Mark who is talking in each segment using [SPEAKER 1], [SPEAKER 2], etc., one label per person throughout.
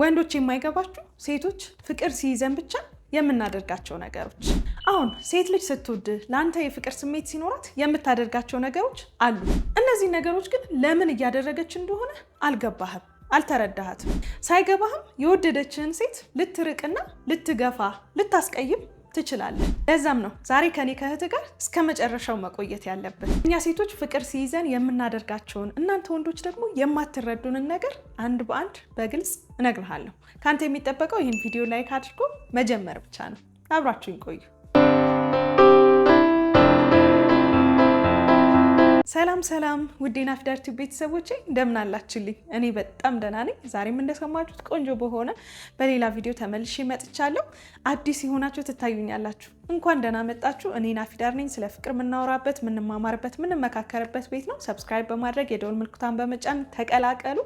[SPEAKER 1] ወንዶች የማይገባችሁ ሴቶች ፍቅር ሲይዘን ብቻ የምናደርጋቸው ነገሮች። አሁን ሴት ልጅ ስትወድ ለአንተ የፍቅር ስሜት ሲኖራት የምታደርጋቸው ነገሮች አሉ። እነዚህ ነገሮች ግን ለምን እያደረገች እንደሆነ አልገባህም፣ አልተረዳሃትም። ሳይገባህም የወደደችህን ሴት ልትርቅና ልትገፋ ልታስቀይም ትችላለ ለዛም ነው ዛሬ ከኔ ከእህት ጋር እስከ መጨረሻው መቆየት ያለብን። እኛ ሴቶች ፍቅር ሲይዘን የምናደርጋቸውን፣ እናንተ ወንዶች ደግሞ የማትረዱንን ነገር አንድ በአንድ በግልጽ እነግርሃለሁ። ከአንተ የሚጠበቀው ይህን ቪዲዮ ላይክ አድርጎ መጀመር ብቻ ነው። አብራችሁኝ ቆዩ። ሰላም ሰላም ውዴ ናፊዳር ቲዩብ ቤተሰቦቼ እንደምን አላችሁልኝ? እኔ በጣም ደህና ነኝ። ዛሬም እንደሰማችሁት ቆንጆ በሆነ በሌላ ቪዲዮ ተመልሼ መጥቻለሁ። አዲስ የሆናችሁ ትታዩኛላችሁ፣ እንኳን ደህና መጣችሁ። እኔ ናፊዳር ነኝ። ስለ ፍቅር የምናወራበት፣ የምንማማርበት፣ የምንመካከርበት ቤት ነው። ሰብስክራይብ በማድረግ የደወል ምልክቷን በመጫን ተቀላቀሉ።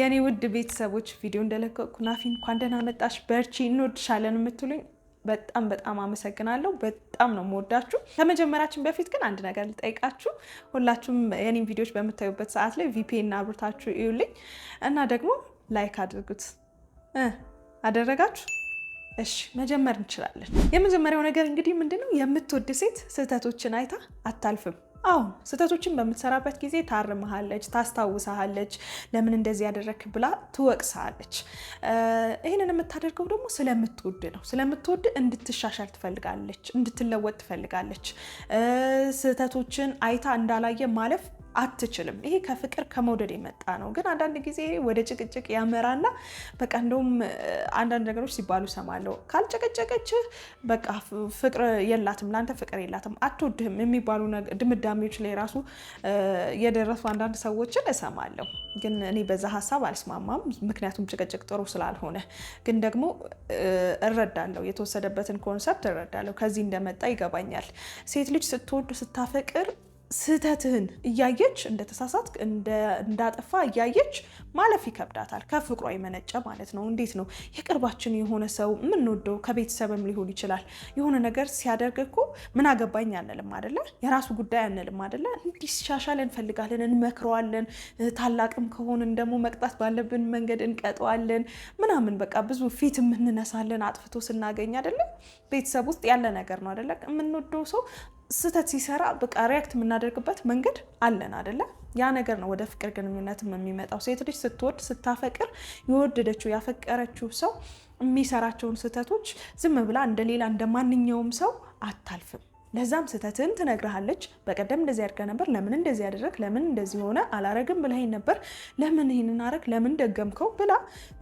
[SPEAKER 1] የእኔ ውድ ቤተሰቦች ቪዲዮ እንደለቀቅኩ ናፊ እንኳን ደህና መጣሽ፣ በርቺ፣ እንወድሻለን የምትሉኝ በጣም በጣም አመሰግናለሁ። በጣም ነው የምወዳችሁ። ከመጀመሪያችን በፊት ግን አንድ ነገር ልጠይቃችሁ። ሁላችሁም የኔም ቪዲዮዎች በምታዩበት ሰዓት ላይ ቪፒኤን አብርታችሁ እዩልኝ እና ደግሞ ላይክ አድርጉት። አደረጋችሁ? እሺ መጀመር እንችላለን። የመጀመሪያው ነገር እንግዲህ ምንድነው፣ የምትወድ ሴት ስህተቶችን አይታ አታልፍም። አዎ ስህተቶችን በምትሰራበት ጊዜ ታርምሃለች፣ ታስታውሳሃለች፣ ለምን እንደዚህ ያደረክ ብላ ትወቅሳለች። ይህንን የምታደርገው ደግሞ ስለምትወድ ነው። ስለምትወድ እንድትሻሻል ትፈልጋለች፣ እንድትለወጥ ትፈልጋለች። ስህተቶችን አይታ እንዳላየ ማለፍ አትችልም። ይሄ ከፍቅር ከመውደድ የመጣ ነው። ግን አንዳንድ ጊዜ ወደ ጭቅጭቅ ያመራና በቃ እንደውም አንዳንድ ነገሮች ሲባሉ ሰማለሁ። ካልጨቀጨቀችህ በቃ ፍቅር የላትም ለአንተ ፍቅር የላትም አትወድህም የሚባሉ ድምዳሜዎች ላይ ራሱ የደረሱ አንዳንድ ሰዎችን እሰማለሁ። ግን እኔ በዛ ሀሳብ አልስማማም። ምክንያቱም ጭቅጭቅ ጥሩ ስላልሆነ፣ ግን ደግሞ እረዳለሁ፣ የተወሰደበትን ኮንሰፕት እረዳለሁ። ከዚህ እንደመጣ ይገባኛል። ሴት ልጅ ስትወድ ስታፈቅር ስህተትህን እያየች እንደተሳሳት እንዳጠፋ እያየች ማለፍ ይከብዳታል። ከፍቅሯ የመነጨ ማለት ነው። እንዴት ነው የቅርባችን የሆነ ሰው የምንወደው ከቤተሰብም ሊሆን ይችላል የሆነ ነገር ሲያደርግ እኮ ምን አገባኝ አንልም አደለ? የራሱ ጉዳይ አንልም አደለ? እንዲሻሻል እንፈልጋለን፣ እንመክረዋለን። ታላቅም ከሆንን ደግሞ መቅጣት ባለብን መንገድ እንቀጠዋለን ምናምን በቃ ብዙ ፊት የምንነሳለን አጥፍቶ ስናገኝ አደለም። ቤተሰብ ውስጥ ያለ ነገር ነው አደለ? የምንወደው ሰው ስህተት ሲሰራ በቃ ሪያክት የምናደርግበት መንገድ አለን አደለ? ያ ነገር ነው ወደ ፍቅር ግንኙነትም የሚመጣው። ሴት ልጅ ስትወድ ስታፈቅር፣ የወደደችው ያፈቀረችው ሰው የሚሰራቸውን ስህተቶች ዝም ብላ እንደሌላ እንደ ማንኛውም ሰው አታልፍም። ለዛም ስህተትን ትነግርሃለች። በቀደም እንደዚህ አድርገህ ነበር፣ ለምን እንደዚህ አደረግ፣ ለምን እንደዚህ ሆነ፣ አላረግም ብለኸኝ ነበር፣ ለምን ይህንን አረግ፣ ለምን ደገምከው ብላ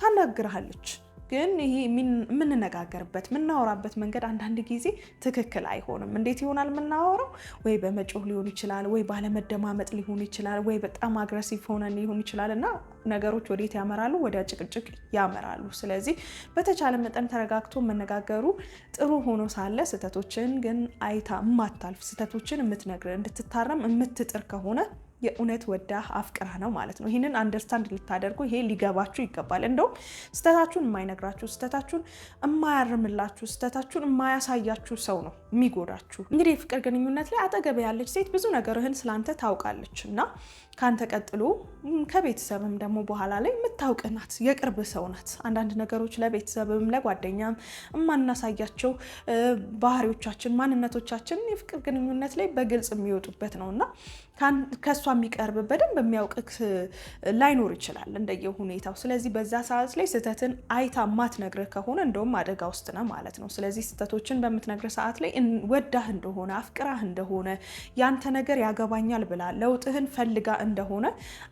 [SPEAKER 1] ታናግርሃለች። ግን ይሄ የምንነጋገርበት የምናወራበት መንገድ አንዳንድ ጊዜ ትክክል አይሆንም። እንዴት ይሆናል የምናወራው? ወይ በመጮህ ሊሆን ይችላል፣ ወይ ባለመደማመጥ ሊሆን ይችላል፣ ወይ በጣም አግረሲቭ ሆነን ሊሆን ይችላል እና ነገሮች ወዴት ያመራሉ? ወደ ጭቅጭቅ ያመራሉ። ስለዚህ በተቻለ መጠን ተረጋግቶ መነጋገሩ ጥሩ ሆኖ ሳለ ስህተቶችን ግን አይታ የማታልፍ ስህተቶችን የምትነግር እንድትታረም የምትጥር ከሆነ የእውነት ወዳህ አፍቅራ ነው ማለት ነው። ይህንን አንደርስታንድ ልታደርጉ ይሄ ሊገባችሁ ይገባል። እንደውም ስህተታችሁን የማይነግራችሁ ስህተታችሁን የማያርምላችሁ ስህተታችሁን የማያሳያችሁ ሰው ነው የሚጎዳችሁ። እንግዲህ የፍቅር ግንኙነት ላይ አጠገብ ያለች ሴት ብዙ ነገርህን ስላንተ ታውቃለች እና ከአንተ ቀጥሎ ከቤተሰብም ደግሞ በኋላ ላይ የምታውቅ ናት፣ የቅርብ ሰው ናት። አንዳንድ ነገሮች ለቤተሰብም ለጓደኛም የማናሳያቸው ባህሪዎቻችን፣ ማንነቶቻችን የፍቅር ግንኙነት ላይ በግልጽ የሚወጡበት ነው እና ከእሷ የሚቀርብ በደንብ የሚያውቅ ላይኖር ይችላል እንደየ ሁኔታው። ስለዚህ በዛ ሰዓት ላይ ስህተትን አይታ ማትነግርህ ከሆነ እንደውም አደጋ ውስጥ ነህ ማለት ነው። ስለዚህ ስህተቶችን በምትነግርህ ሰዓት ላይ ወዳህ እንደሆነ አፍቅራህ እንደሆነ ያንተ ነገር ያገባኛል ብላ ለውጥህን ፈልጋ እንደሆነ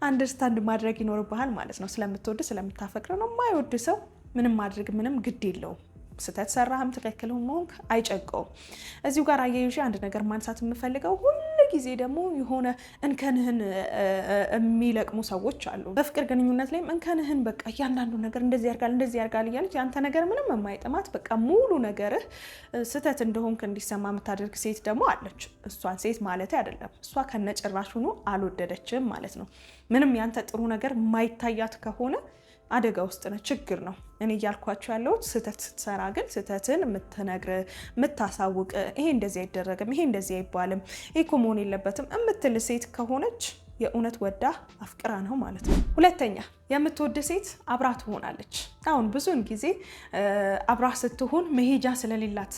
[SPEAKER 1] አንደርስታንድ ማድረግ ይኖርብሃል ማለት ነው። ስለምትወድ ስለምታፈቅር ነው። የማይወድ ሰው ምንም ማድረግ ምንም ግድ የለውም። ስህተት ሰራህም ትክክል መሆን አይጨቀውም። እዚሁ ጋር አያይዤ አንድ ነገር ማንሳት የምፈልገው ሁሉ ሁልጊዜ ደግሞ የሆነ እንከንህን የሚለቅሙ ሰዎች አሉ። በፍቅር ግንኙነት ላይም እንከንህን በቃ እያንዳንዱ ነገር እንደዚህ ያርጋል እንደዚህ ያርጋል እያለች ያንተ ነገር ምንም የማይጥማት በቃ ሙሉ ነገርህ ስህተት እንደሆንክ እንዲሰማ የምታደርግ ሴት ደግሞ አለች። እሷን ሴት ማለት አይደለም እሷ ከነጭራሹኑ አልወደደችም ማለት ነው። ምንም ያንተ ጥሩ ነገር ማይታያት ከሆነ አደጋ ውስጥ ነህ፣ ችግር ነው። እኔ እያልኳቸው ያለሁት ስህተት ስትሰራ ግን ስህተትን የምትነግር የምታሳውቅ፣ ይሄ እንደዚህ አይደረግም፣ ይሄ እንደዚህ አይባልም፣ ይሄ እኮ መሆን የለበትም የምትል ሴት ከሆነች የእውነት ወዳ አፍቅራ ነው ማለት ነው። ሁለተኛ የምትወድ ሴት አብራ ትሆናለች። አሁን ብዙውን ጊዜ አብራ ስትሆን መሄጃ ስለሌላት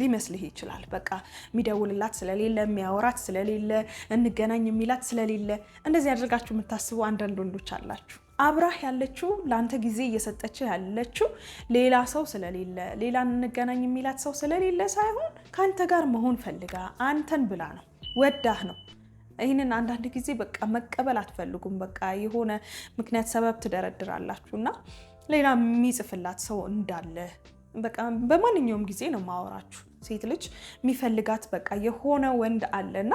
[SPEAKER 1] ሊመስልህ ይችላል። በቃ የሚደውልላት ስለሌለ፣ የሚያወራት ስለሌለ፣ እንገናኝ የሚላት ስለሌለ፣ እንደዚህ አድርጋችሁ የምታስቡ አንዳንድ ወንዶች አላችሁ። አብራህ ያለችው ለአንተ ጊዜ እየሰጠች ያለችው ሌላ ሰው ስለሌለ ሌላ እንገናኝ የሚላት ሰው ስለሌለ ሳይሆን ከአንተ ጋር መሆን ፈልጋ አንተን ብላ ነው፣ ወዳህ ነው። ይህንን አንዳንድ ጊዜ በቃ መቀበል አትፈልጉም። በቃ የሆነ ምክንያት ሰበብ ትደረድራላችሁ እና ሌላ የሚጽፍላት ሰው እንዳለ በቃ በማንኛውም ጊዜ ነው ማወራችሁ ሴት ልጅ የሚፈልጋት በቃ የሆነ ወንድ አለ እና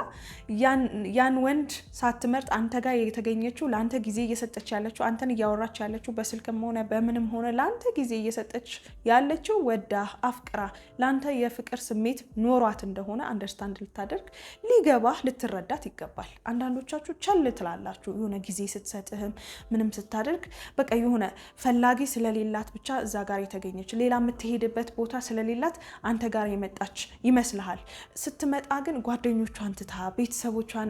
[SPEAKER 1] ያን ወንድ ሳትመርጥ አንተ ጋር የተገኘችው ለአንተ ጊዜ እየሰጠች ያለችው አንተን እያወራች ያለችው በስልክም ሆነ በምንም ሆነ ለአንተ ጊዜ እየሰጠች ያለችው ወዳ አፍቅራ ለአንተ የፍቅር ስሜት ኖሯት እንደሆነ አንደርስታንድ ልታደርግ ሊገባ ልትረዳት ይገባል። አንዳንዶቻችሁ ቸል ትላላችሁ። የሆነ ጊዜ ስትሰጥህም ምንም ስታደርግ በቃ የሆነ ፈላጊ ስለሌላት ብቻ እዛ ጋር የተገኘች ሌላ የምትሄድበት ቦታ ስለሌላት አንተ ጋር የመጣ የመጣች ይመስልሃል። ስትመጣ ግን ጓደኞቿን ትታ ቤተሰቦቿን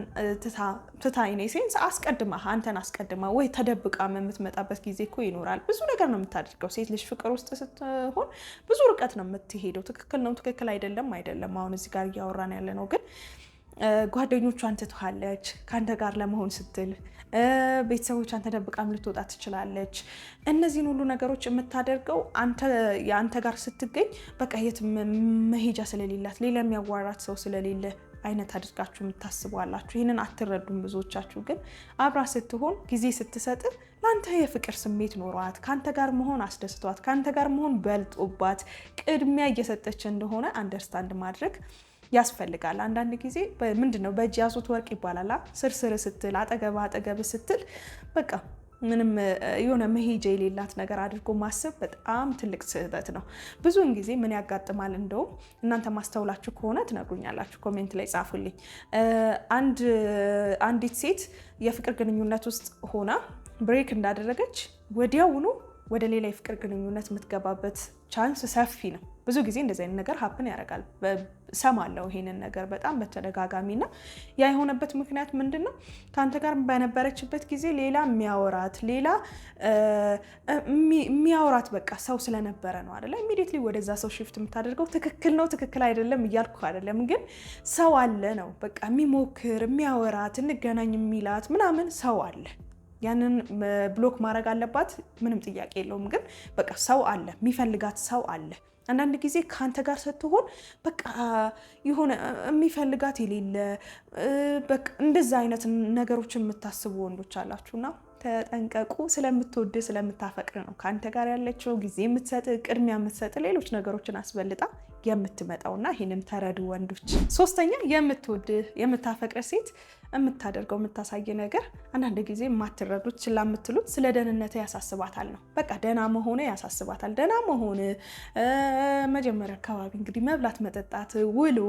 [SPEAKER 1] ትታ ኔ ሴንስ አስቀድማ አንተን አስቀድማ ወይ ተደብቃ የምትመጣበት ጊዜ እኮ ይኖራል። ብዙ ነገር ነው የምታደርገው። ሴት ልጅ ፍቅር ውስጥ ስትሆን ብዙ ርቀት ነው የምትሄደው። ትክክል ነው ትክክል አይደለም አይደለም፣ አሁን እዚህ ጋር እያወራን ያለ ነው ግን ጓደኞቿን ትተዋለች። ከአንተ ጋር ለመሆን ስትል ቤተሰቦቿን ተደብቃም ልትወጣ ትችላለች። እነዚህን ሁሉ ነገሮች የምታደርገው አንተ ጋር ስትገኝ በቃ የት መሄጃ ስለሌላት ሌላ የሚያዋራት ሰው ስለሌለ አይነት አድርጋችሁ የምታስቧላችሁ። ይህንን አትረዱም ብዙዎቻችሁ። ግን አብራ ስትሆን ጊዜ ስትሰጥ ለአንተ የፍቅር ስሜት ኖሯት ከአንተ ጋር መሆን አስደስቷት ከአንተ ጋር መሆን በልጦባት ቅድሚያ እየሰጠች እንደሆነ አንደርስታንድ ማድረግ ያስፈልጋል። አንዳንድ ጊዜ ምንድን ነው በእጅ ያዙት ወርቅ ይባላል። ስርስር ስትል አጠገብ አጠገብ ስትል በቃ ምንም የሆነ መሄጃ የሌላት ነገር አድርጎ ማሰብ በጣም ትልቅ ስህተት ነው። ብዙውን ጊዜ ምን ያጋጥማል? እንደውም እናንተ ማስተውላችሁ ከሆነ ትነግሩኛላችሁ፣ ኮሜንት ላይ ጻፉልኝ። አንዲት ሴት የፍቅር ግንኙነት ውስጥ ሆና ብሬክ እንዳደረገች ወዲያውኑ ወደ ሌላ የፍቅር ግንኙነት የምትገባበት ቻንስ ሰፊ ነው። ብዙ ጊዜ እንደዚህ አይነት ነገር ሀፕን ያደርጋል። ሰማለው ይሄንን ነገር በጣም በተደጋጋሚ እና ያ የሆነበት ምክንያት ምንድን ነው? ከአንተ ጋር በነበረችበት ጊዜ ሌላ የሚያወራት ሌላ የሚያወራት በቃ ሰው ስለነበረ ነው አደለ? ኢሚዲየትሊ ወደዛ ሰው ሽፍት የምታደርገው ትክክል ነው ትክክል አይደለም እያልኩ አደለም፣ ግን ሰው አለ ነው በቃ የሚሞክር የሚያወራት እንገናኝ የሚላት ምናምን ሰው አለ ያንን ብሎክ ማድረግ አለባት። ምንም ጥያቄ የለውም። ግን በቃ ሰው አለ፣ የሚፈልጋት ሰው አለ። አንዳንድ ጊዜ ከአንተ ጋር ስትሆን በቃ የሆነ የሚፈልጋት የሌለ በቃ እንደዛ አይነት ነገሮችን የምታስቡ ወንዶች አላችሁና ተጠንቀቁ። ስለምትወድ ስለምታፈቅር ነው ከአንተ ጋር ያለችው ጊዜ የምትሰጥ ቅድሚያ የምትሰጥ ሌሎች ነገሮችን አስበልጣ የምትመጣውና ይህንን ተረዱ ወንዶች። ሶስተኛ የምትወድ የምታፈቅር ሴት የምታደርገው የምታሳይ ነገር አንዳንድ ጊዜ የማትረዱት ችላ የምትሉት ስለ ደህንነት ያሳስባታል ነው። በቃ ደህና መሆነ ያሳስባታል። ደህና መሆን መጀመሪያ አካባቢ እንግዲህ መብላት፣ መጠጣት፣ ውሉ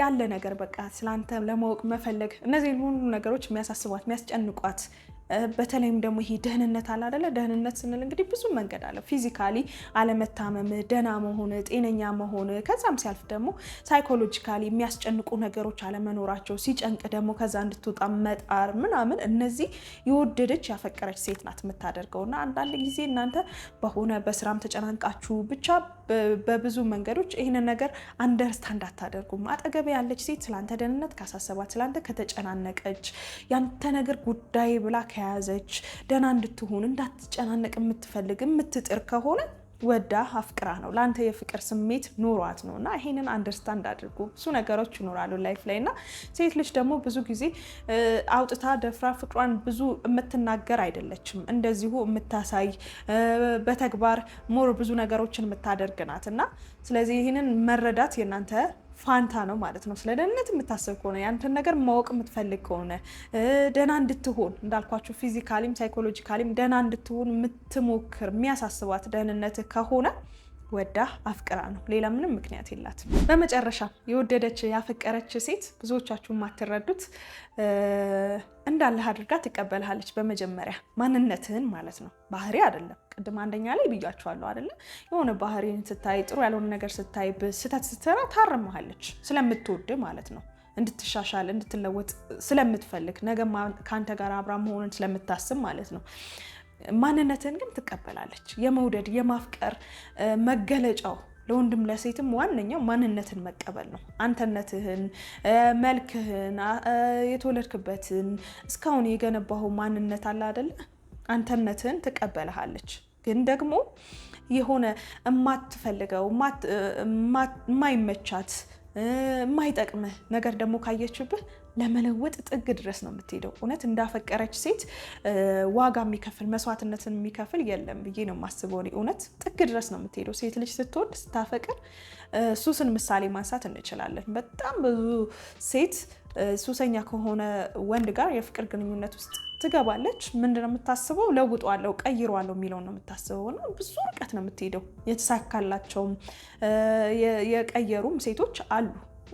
[SPEAKER 1] ያለ ነገር በቃ ስለአንተ ለማወቅ መፈለግ እነዚህ ሁሉ ነገሮች የሚያሳስቧት የሚያስጨንቋት በተለይም ደግሞ ይሄ ደህንነት አለ አይደለ? ደህንነት ስንል እንግዲህ ብዙ መንገድ አለ። ፊዚካሊ አለመታመም፣ ደህና መሆን፣ ጤነኛ መሆን፣ ከዛም ሲያልፍ ደግሞ ሳይኮሎጂካሊ የሚያስጨንቁ ነገሮች አለመኖራቸው፣ ሲጨንቅ ደግሞ ከዛ እንድትወጣ መጣር ምናምን፣ እነዚህ የወደደች ያፈቀረች ሴት ናት የምታደርገው። እና አንዳንድ ጊዜ እናንተ በሆነ በስራም ተጨናንቃችሁ ብቻ በብዙ መንገዶች ይህንን ነገር አንደርስታንድ አታደርጉም። አጠገብ ያለች ሴት ስለአንተ ደህንነት ካሳሰባት፣ ስለአንተ ከተጨናነቀች፣ ያንተ ነገር ጉዳይ ብላ ከያዘች ደህና እንድትሆን እንዳትጨናነቅ የምትፈልግ የምትጥር ከሆነ ወዳ አፍቅራ ነው ለአንተ የፍቅር ስሜት ኖሯት ነው። እና ይሄንን አንደርስታንድ አድርጉ። ብዙ ነገሮች ይኖራሉ ላይፍ ላይ እና ሴት ልጅ ደግሞ ብዙ ጊዜ አውጥታ ደፍራ ፍቅሯን ብዙ የምትናገር አይደለችም፣ እንደዚሁ የምታሳይ በተግባር ሞር ብዙ ነገሮችን የምታደርግ ናት። እና ስለዚህ ይህንን መረዳት የእናንተ ፋንታ ነው ማለት ነው። ስለ ደህንነት የምታስብ ከሆነ ያንተን ነገር ማወቅ የምትፈልግ ከሆነ ደህና እንድትሆን እንዳልኳቸው ፊዚካሊም ሳይኮሎጂካሊም ደህና እንድትሆን የምትሞክር የሚያሳስባት ደህንነት ከሆነ ወዳ አፍቅራ ነው። ሌላ ምንም ምክንያት የላት በመጨረሻ የወደደች ያፈቀረች ሴት ብዙዎቻችሁ የማትረዱት እንዳለህ አድርጋ ትቀበልሃለች። በመጀመሪያ ማንነትህን ማለት ነው፣ ባህሪ አይደለም። ቅድም አንደኛ ላይ ብያችኋለሁ አይደለ? የሆነ ባህሪን ስታይ፣ ጥሩ ያልሆነ ነገር ስታይ፣ ስህተት ስትሰራ ታርምሃለች፣ ስለምትወድ ማለት ነው እንድትሻሻል እንድትለወጥ ስለምትፈልግ ነገ ከአንተ ጋር አብራ መሆንን ስለምታስብ ማለት ነው። ማንነትን ግን ትቀበላለች። የመውደድ የማፍቀር መገለጫው ለወንድም ለሴትም ዋነኛው ማንነትን መቀበል ነው። አንተነትህን፣ መልክህን፣ የተወለድክበትን እስካሁን የገነባሁ ማንነት አለ አደለ? አንተነትህን ትቀበልሃለች። ግን ደግሞ የሆነ እማትፈልገው የማይመቻት የማይጠቅምህ ነገር ደግሞ ካየችብህ ለመለወጥ ጥግ ድረስ ነው የምትሄደው። እውነት እንዳፈቀረች ሴት ዋጋ የሚከፍል መስዋዕትነትን የሚከፍል የለም ብዬ ነው የማስበው። እውነት ጥግ ድረስ ነው የምትሄደው ሴት ልጅ ስትወድ ስታፈቅር ሱስን ምሳሌ ማንሳት እንችላለን። በጣም ብዙ ሴት ሱሰኛ ከሆነ ወንድ ጋር የፍቅር ግንኙነት ውስጥ ትገባለች። ነው የምታስበው? ለውጠዋለሁ፣ ቀይረዋለሁ የሚለውን ነው የምታስበው እና ብዙ ርቀት ነው የምትሄደው። የተሳካላቸውም የቀየሩም ሴቶች አሉ።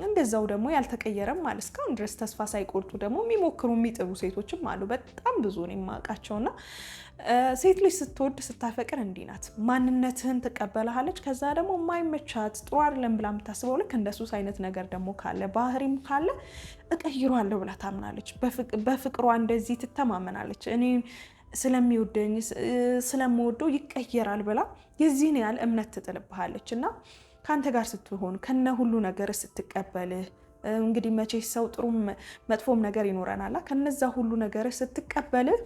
[SPEAKER 1] እንደዛው ደግሞ ያልተቀየረም ማለት እስካሁን ድረስ ተስፋ ሳይቆርጡ ደግሞ የሚሞክሩ የሚጥሩ ሴቶችም አሉ። በጣም ብዙ ነው የማውቃቸውና ሴት ልጅ ስትወድ ስታፈቅር እንዲህ ናት። ማንነትህን ትቀበልሃለች። ከዛ ደግሞ የማይመቻት ጥሩ አይደለም ብላ የምታስበው ልክ እንደ ሱስ አይነት ነገር ደግሞ ካለ ባህሪም ካለ እቀይሯለሁ ብላ ታምናለች። በፍቅሯ እንደዚህ ትተማመናለች። እኔ ስለሚወደኝ ስለምወደው ይቀየራል ብላ የዚህን ያህል እምነት ትጥልብሃለች። እና ከአንተ ጋር ስትሆን ከነ ሁሉ ነገር ስትቀበልህ እንግዲህ መቼ ሰው ጥሩም መጥፎም ነገር ይኖረናላ ከነዛ ሁሉ ነገር ስትቀበልህ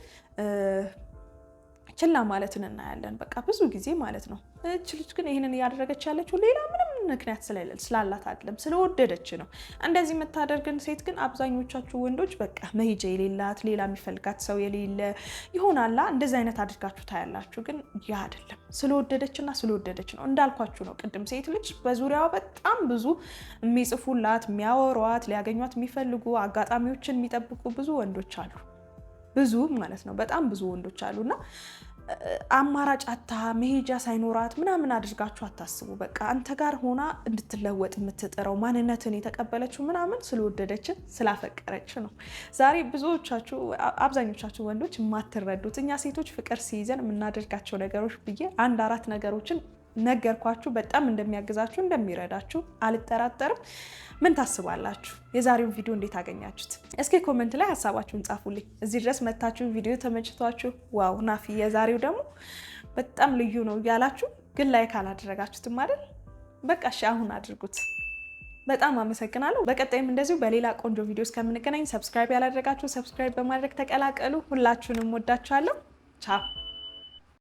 [SPEAKER 1] ችላ ማለትን እናያለን። በቃ ብዙ ጊዜ ማለት ነው። እች ልጅ ግን ይህንን እያደረገች ያለችው ሌላ ምንም ምክንያት ስለሌለ ስላላት አይደለም፣ ስለወደደች ነው። እንደዚህ የምታደርግን ሴት ግን አብዛኞቻችሁ ወንዶች በቃ መሄጃ የሌላት ሌላ የሚፈልጋት ሰው የሌለ ይሆናላ። እንደዚህ አይነት አድርጋችሁ ታያላችሁ። ግን ያ አይደለም፣ ስለወደደችና ስለወደደች ነው። እንዳልኳችሁ ነው ቅድም ሴት ልጅ በዙሪያዋ በጣም ብዙ የሚጽፉላት፣ የሚያወሯት፣ ሊያገኟት የሚፈልጉ አጋጣሚዎችን የሚጠብቁ ብዙ ወንዶች አሉ ብዙ ማለት ነው። በጣም ብዙ ወንዶች አሉና አማራጭ አታ መሄጃ ሳይኖራት ምናምን አድርጋችሁ አታስቡ። በቃ አንተ ጋር ሆና እንድትለወጥ የምትጥረው ማንነትን የተቀበለችው ምናምን ስለወደደችን ስላፈቀረች ነው። ዛሬ ብዙዎቻችሁ አብዛኞቻችሁ ወንዶች የማትረዱት እኛ ሴቶች ፍቅር ሲይዘን የምናደርጋቸው ነገሮች ብዬ አንድ አራት ነገሮችን ነገርኳችሁ። በጣም እንደሚያግዛችሁ እንደሚረዳችሁ አልጠራጠርም። ምን ታስባላችሁ? የዛሬውን ቪዲዮ እንዴት አገኛችሁት? እስኪ ኮመንት ላይ ሀሳባችሁን ጻፉልኝ። እዚህ ድረስ መታችሁ ቪዲዮ ተመችቷችሁ፣ ዋው ናፊ የዛሬው ደግሞ በጣም ልዩ ነው እያላችሁ ግን ላይክ አላደረጋችሁትም አይደል? በቃ እሺ አሁን አድርጉት። በጣም አመሰግናለሁ። በቀጣይም እንደዚሁ በሌላ ቆንጆ ቪዲዮ እስከምንገናኝ ሰብስክራይብ ያላደረጋችሁ ሰብስክራይብ በማድረግ ተቀላቀሉ። ሁላችሁንም ወዳችኋለሁ። ቻው